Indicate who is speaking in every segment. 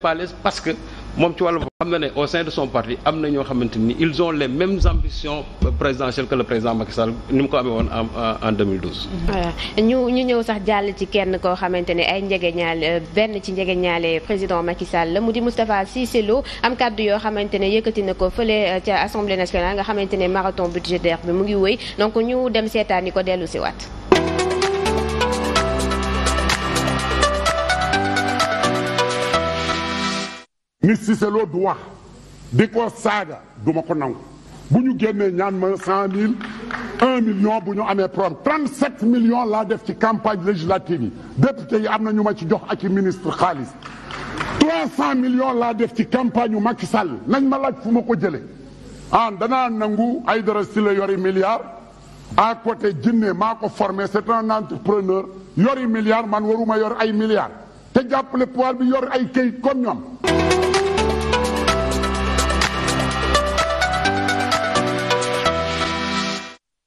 Speaker 1: pas parce que moom ci wàllu xam na ne au sein de son parti am na ñoo xamante ni ils ont les mêmes ambitions présidentielles que le président Macky Sall ni mu ko amee woon en en 2012.
Speaker 2: ñu ñëw sax jàll ci kenn koo xamante ne ay njegeñaal euh, benn ci njege njegeñaale président Macky Sall la mu di Moustapha Cissé Lo am kàddu yoo xamante ne yëkkati na ko fële euh, ca assemblée nationale nga xamante ne marathon budgétaire bi mu ngi wéy donc ñu dem seetaan ni ko dellu si ni Cissé Lo du wax di ko saaga du ma ko nangu bu ñu génnee ñaan ma cent mille un million bu ñu amee problème trente sept millions laa def ci campagne législative yi député yi am na ñu ma ci jox ak ci ministre xaalis trois cent millions laa def ci campagne yu ki Sall nañ ma laaj fu ma ko jëlee ah dana nangu ay Aïdara Sylla yori milliard à côté Jinne maa ko formé c'est un entrepreneur yori milliard man waruma yor ay milliards te le pouvoir bi yor ay këyit comme ñoom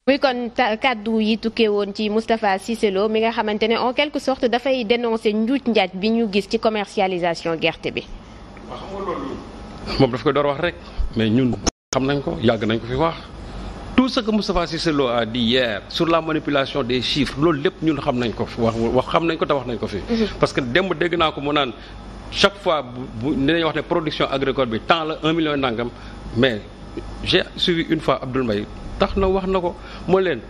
Speaker 2: muy kon kàddu yi tukkee woon ci Moustapha Cissé Lo mi nga xamante ne en quelque sorte dafay dénoncer njuuj njaaj bi ñu gis ci commercialisation gerte bi.
Speaker 1: moom daf koy door wax rek mais ñun xam nañ ko yàgg nañ ko fi wax tout ce que Moustapha Cissé a dit hier sur la manipulation des chiffres loolu lépp ñun xam nañ ko fi wax wax xam nañ ko te wax nañ ko fi. Mhm. parce que démb dégg naa ko mu naan chaque fois bu dinañ wax ne production agricole bi temps la un million mais j'ai une fois Abdoul Mbaye tax na wax na ko moo leen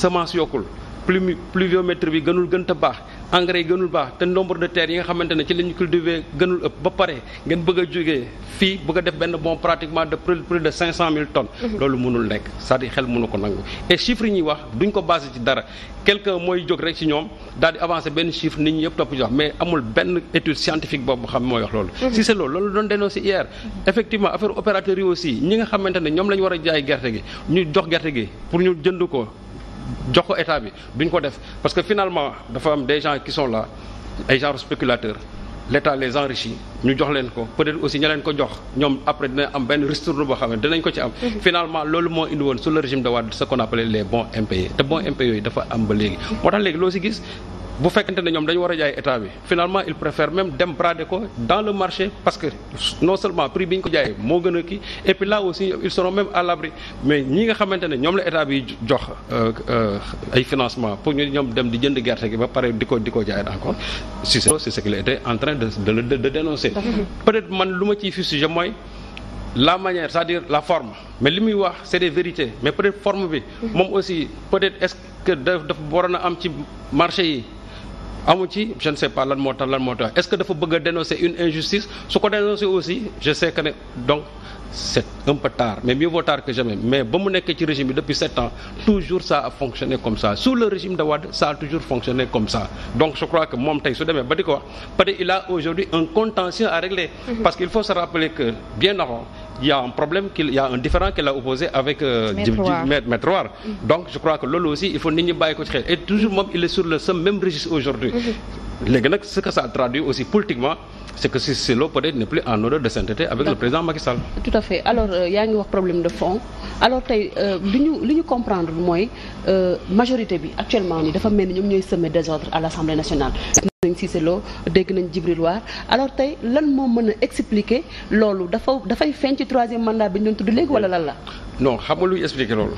Speaker 1: semence yokkul pluie pluviométrie bi gënul gënt te baax engrais yi gënul baax te nombre de terres yi nga xamante ne ci la ñu cultivé gënul ëpp ba pare ngeen bëgg a jógee fii bëgg a def benn bon pratiquement de plus de cinq cent mille tonnes mhm. loolu mënul nekk cest à xel mënu ko nangu et chiffres yi ñuy wax duñ ko basé ci dara quelqu'un mooy jóg rek ci ñoom daal di avancé benn chiffre nit ñi yëpp topp ci wax mais amul benn étude scientifique boobu xam mooy wax loolu mhm. si c'est loolu loolu doon dénoncé hier effectivement affaire opérateurs ne ñoom la ñu a jaay gerte gi ñu jox gerte gi ñu jënd ko jox ko état bi duñ ko def parce que finalement dafa am des gens qui sont là ay genre spéculateurs l'état les enrichit ñu jox leen ko peut-être aussi ña leen ko jox ñoom après dina am benn ristourne boo xam ne dinañ ko ci am. Mhm. finalement loolu moo indi woon sous le régime de Wade ce qu'on appelait les bons impayés e. te bons impayés e yooyu dafa am ba léegi moo tax léegi loo si gis. bu fekkente ne ñoom dañu war a jaay état bi finalement il préfère même dem brader ko dans le marché parce que non seulement prix bi ñu ko jaayee moo gën a kii et puis là aussi ils seront même à l'abri mais ñi nga xamante ne ñoom la état bi jox euh, ay financement pour ñu ñoom dem di jënd gerte gi ba pare di ko di ko jaayat encore si c'est ce qu'il était en train de de de dénoncer peut-être man lu ma ciy fustigé mooy la manière cest dire la forme mais li muy wax c'est mais peut-être forme bi moom aussi peut-être est am ci marché yi amu ci je ne sais pas lan moo tax lan moo tax est-ce que dafa bëgg a dénoncer une injustice su ko dénoncer aussi je sais que ne donc tard mais mieux vaut tard que jamais mais ba mu nekkee ci régime bi depuis sept ans toujours ça a fonctionné comme ça sous le régime de Wade ça a toujours fonctionné comme ça donc je crois que moom tey su demee ba di ko wax peut-être il a aujourd'hui un contentieux à régler mm-hmm. parce qu'il faut se rappeler que bien avant il y a un problème qu'il il y a un différend qu'il a opposé avec euh, Maître War mm-hmm. donc je crois que loolu aussi il faut nit ñi bàyyi ko ci xel et toujours moom il est sur le même registre aujourd'hui mm-hmm. léegi nag ce que ça traduit aussi politiquement c'est que Cissé Lo peut-être n'est plus en odeur de sainteté avec le président Macky Sall.
Speaker 2: tout à fait alors euh, yaa ngi wax problème de fond alors tey euh, li ñu li ñu comprendre mooy euh, majorité bi actuellement nii dafa mel ni ñoom ñooy seme semer désordre à l'Assemblée nationale. nañ Cissé Lo dégg nañ Djibril War alors tey lan moo mën a expliquer loolu dafa dafay feeñ ci troisième mandat bi ñu doon tudd léegi wala lan la.
Speaker 1: non xam nga luy expliquer loolu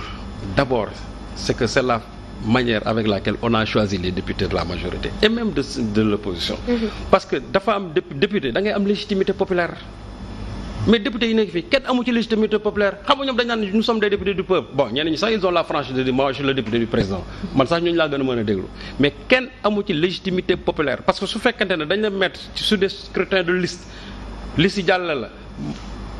Speaker 1: d'abord c'est la manière avec laquelle on a choisi les députés de la majorité et même de de l'opposition mhm. parce que dafa am député da ngay am légitimité populaire mais député yi nekk fii kenn amu ci légitimité populaire xam nga ñoom dañ naan nous sommes des du peuple bon ñenn ñi sax ils la franchise de dire moi je le député du président man sax ñooñu laa gën a mën a déglu mais kenn amu ci légitimité populaire parce que su fekkante ne dañ la mettre sur des scrutins de liste liste yi jàll la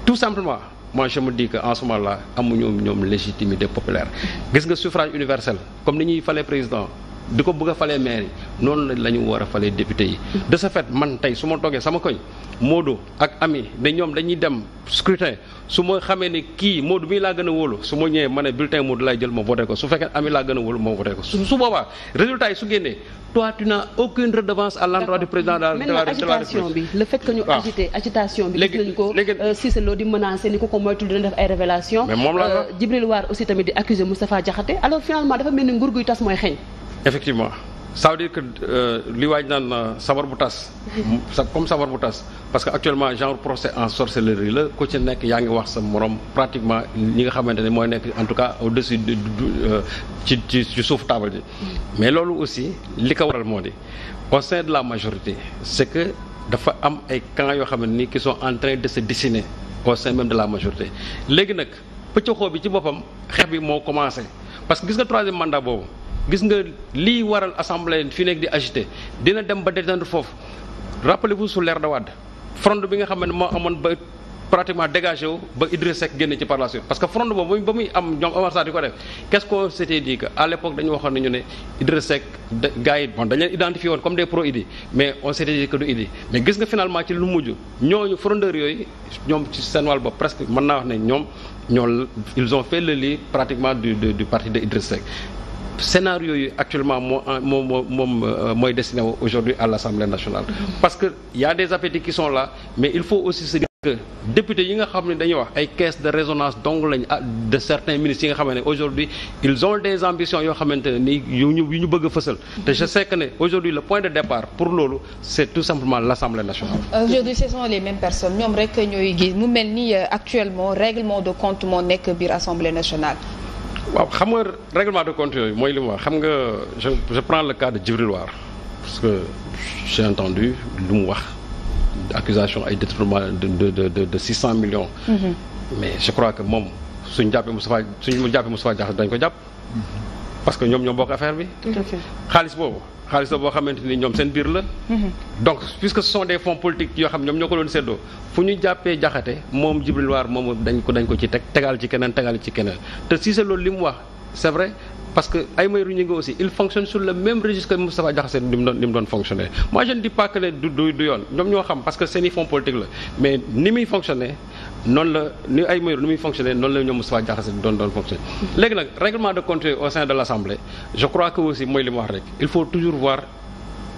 Speaker 1: tout simplement moi je me dis que en ce moment là amuñu ñoom légitimité populaire gis nga suffrage universel comme ni ñuy falee président di ko bëgg falee maire yi noonu la ñu war a falee député yi de ce fait man tey su ma toogee sama koñ Modou ak Ami da ñoom dañuy dem scrutin su ma xamee ne kii Modou mii laa gën a wóolu su ma ñëwee ma ne bulletin Modou laay jël ma voté ko su fekkee Ami laa gën a wóolu ma voté ko su su boobaa résultat yi su génnee toi tu n'as aucune redevance à l'endroit du président de la agitation bi le fait que ñu agité
Speaker 2: agitation bi gis nañu ko euh, Cissé Lo di ni ko ko moytul dina def ay révélation euh, tamit di accuser Moustapha Diakhaté tas mooy xeeñ
Speaker 1: effectivement ça veut que euh, li waaj naan euh, sabar bu tas. comme sabar bu tas parce que actuellement genre procès en sorcellerie la ko ci nekk yaa ngi wax sa morom pratiquement ñi nga xamante ne mooy nekk en tout cas au dessus du euh, ci ci ci suuf table ji. Mm. mais loolu aussi li ko waral moo di au sein de la majorité c'est que dafa am ay camps yoo xam ni nii qui sont en train de se dessiner au sein même de la majorité léegi nag pëcc bi ci boppam xeex bi moo commencé parce que gis nga boobu. gis nga lii waral assemblée fi nekk di agité dina dem ba détendre foofu rappelez-vous sur l'ère de fronde bi nga xam ne moo amoon ba pratiquement dégagé wu ba Idriss Seck ci par parce que fronde boobu ba muy am ñoom Omar Sarr ko def qu'est-ce qu'on s'était dit que à l'époque dañu waxoon nañu ne Idriss Seck gars yi bon dañ leen identifié woon comme des pro Idi mais on s'était dit que du Idi mais gis nga finalement ci naa wax ne ñoom ñoo ils ont fait le lit du du scénario yi actuellement moo euh, moom moom euh, mooy destiné aujourd'hui à l'Assemblée nationale parce que y des appétits qui sont là mais il faut aussi se dire yi nga xam ne dañuy wax ay caisse de résonance donc lañ ah, de certains ministres yi nga xam ne aujourd'hui ils ont des ambitions yoo xamante ni yu ñu yu fësal te je sais ne aujourd'hui le point de départ pour loolu c'est tout simplement l'Assemblée nationale
Speaker 2: aujourd'hui ce sont les mêmes
Speaker 1: waaw xam nga règlement de compte yooyu mooy li mu wax xam nga je je prends le cas de Djibril parce que j'ai entendu lu mu wax accusation ay détournement de de de six cent millions. Mm -hmm. mais je crois que moom suñ jàppee Moustapha suñ jàppee Moustapha Diakhaté dañ ko jàpp. Mm-hmm. parce que ñoom ñoo bokk affaire bi. xaalis boobu. xaalis la boo xamante ni ñoom seen biir la. Mhm. donc puisque ce sont des fonds yoo xam ñoom ñoo ko doon séddoo fu ñu jàppee jaxate moom Djibril War moom dañ ko dañ ko ci teg tegal ci keneen tegal ci keneen te si c'est loolu li wax c'est vrai. parce que Aymérou Gningue aussi il fonctionne sur le même registre que ni mu doon ni mu doon fonctionner ne du du yoon ñoom ñoo xam parce que seeni fonds politique la mais ni muy fonctionner noonu la ni ay mayor nu muy fonctionner noonu la ñoom Moustapha Diakhaté doon doon fonctionner léegi nag règlement de compte au sein de l'Assemblée je crois que aussi mooy li ma wax rek il faut toujours voir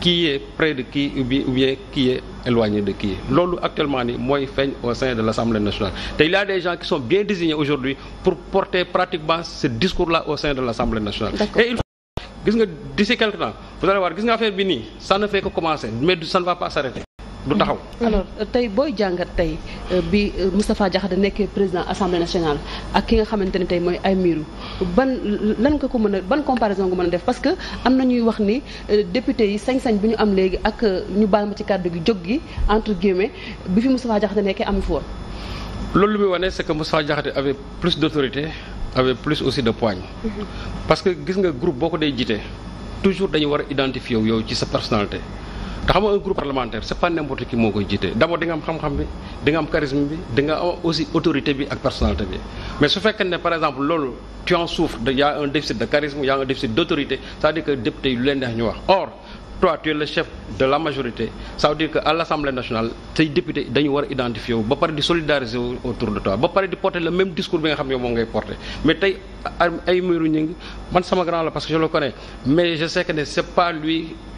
Speaker 1: qui est près de qui ou bien ou bien qui est éloigné de qui loolu actuellement ni mooy feeñ au sein de l'Assemblée nationale te il y des gens qui sont bien désignés aujourd'hui pour porter pratiquement ce discours-là au sein de l'Assemblée nationale et bi nii ça ne fait que du taxaw.
Speaker 2: alors tey booy jàngat tey euh, bi euh, Moustapha Diakhaté nekkee président assemblée nationale ak ki nga xamante ni tey mooy ay Aymérou ban lan nga ko mën a ban comparaison nga mën a def parce que am na ñuy wax ni euh, député yi sañ-sañ bi ñu am léegi ak ñu baal ma ci kàddu gi jóg gi entre guillemets bi fi Moustapha Diakhaté nekkee amu fi woon.
Speaker 1: loolu lu muy wane c'est que Moustapha Diakhaté avait plus d'autorité avait plus aussi de poigne mhm. parce que gis nga groupe boo ko dee jiite toujours dañu war a identifier yow ci sa personnalité. te xam nga un groupe parlementaire c'est pas n'importe qui moo koy jiite d'abord di nga am xam-xam bi di am charisme bi di am aussi autorité bi ak personnalité bi mais su fekkee ne par exemple loolu tu en souffres de y a un déficit de charisme y a un déficit d'autorité c'est-à-dire que député yi leen neex ñu wax or toi tu es chef de la majorité ça veut dire que à l'Assemblée nationale say député dañu war a identifier wu ba pare di solidariser wu autour de toi ba pare di porter le même discours bi nga xam yow moom ngay porter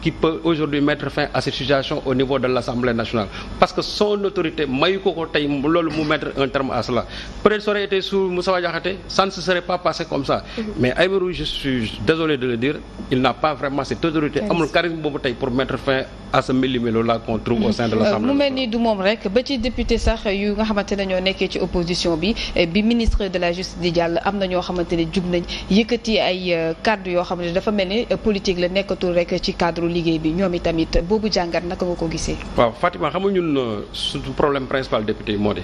Speaker 1: qui peut aujourd'hui mettre fin à cette situation au niveau de l'Assemblée nationale parce que son autorité mayu ko ko tey loolu mu mettre un terme à cela peut-être ça aurait été sous Moustapha ne serait pas passé comme ça mm-hmm. mais Aymérou je suis désolé de le dire il n'a pas vraiment cette autorité amul charisme boobu tey pour mettre fin à ce millimélo là qu'on trouve au sein de l'Assemblée euh, mu
Speaker 2: mel ni du moom rek ba ci député sax yu nga xamante ne liggéey bi ñoom itamit boobu jàngat naka nga ko gisee.
Speaker 1: waaw Fatima xam nga ñun euh, suñu problème principal député yi moo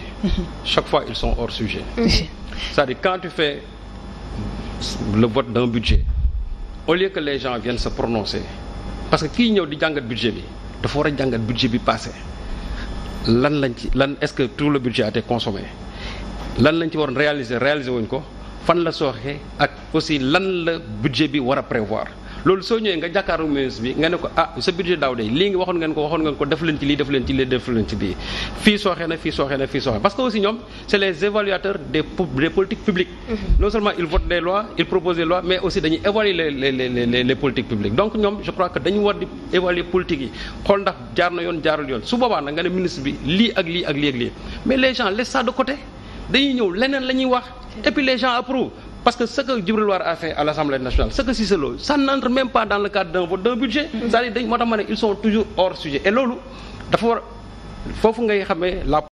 Speaker 1: chaque fois ils sont hors sujet. c'est-à-dire quand tu le vote d'un budget au lieu que les gens viennent se prononcer parce que kii ñëw di jàngat budget bi dafa war a jàngat budget bi passé lan lañ ci lan est-ce que tout le budget a été lan lañ ci war réaliser réaliser wuñ ko fan la sooxee ak aussi lan la budget bi war a prévoir. loolu soo ñëwee nga jàkkaaru ministre bi nga ne ko ah sa budget daaw de lii nga waxoon ngeen ko waxoon ngeen ko def leen ci lii def leen ci lii def leen ci bii fii sooxee na fii sooxee na fii sooxee parce que aussi ñoom c'est les évaluateurs des politiques publiques mm-hmm. non seulement ils votent des lois ils proposent lois mais aussi dañuy évaluer les politiques publiques donc ñoom je crois que dañu war di évaluer politique yi xool ndax jaar na yoon jaarul yoon su boobaa nag nga ne ministre bi leneen la ñuy wax et Parce que ce que Djibril War à l'Assemblée nationale, ce que Cissé Lo, ça n'entre même pas dans le cadre d'un vote d'un budget. C'est-à-dire, moo tax ma ne ils sont toujours hors sujet. Et loolu dafa war foofu ngay xamee la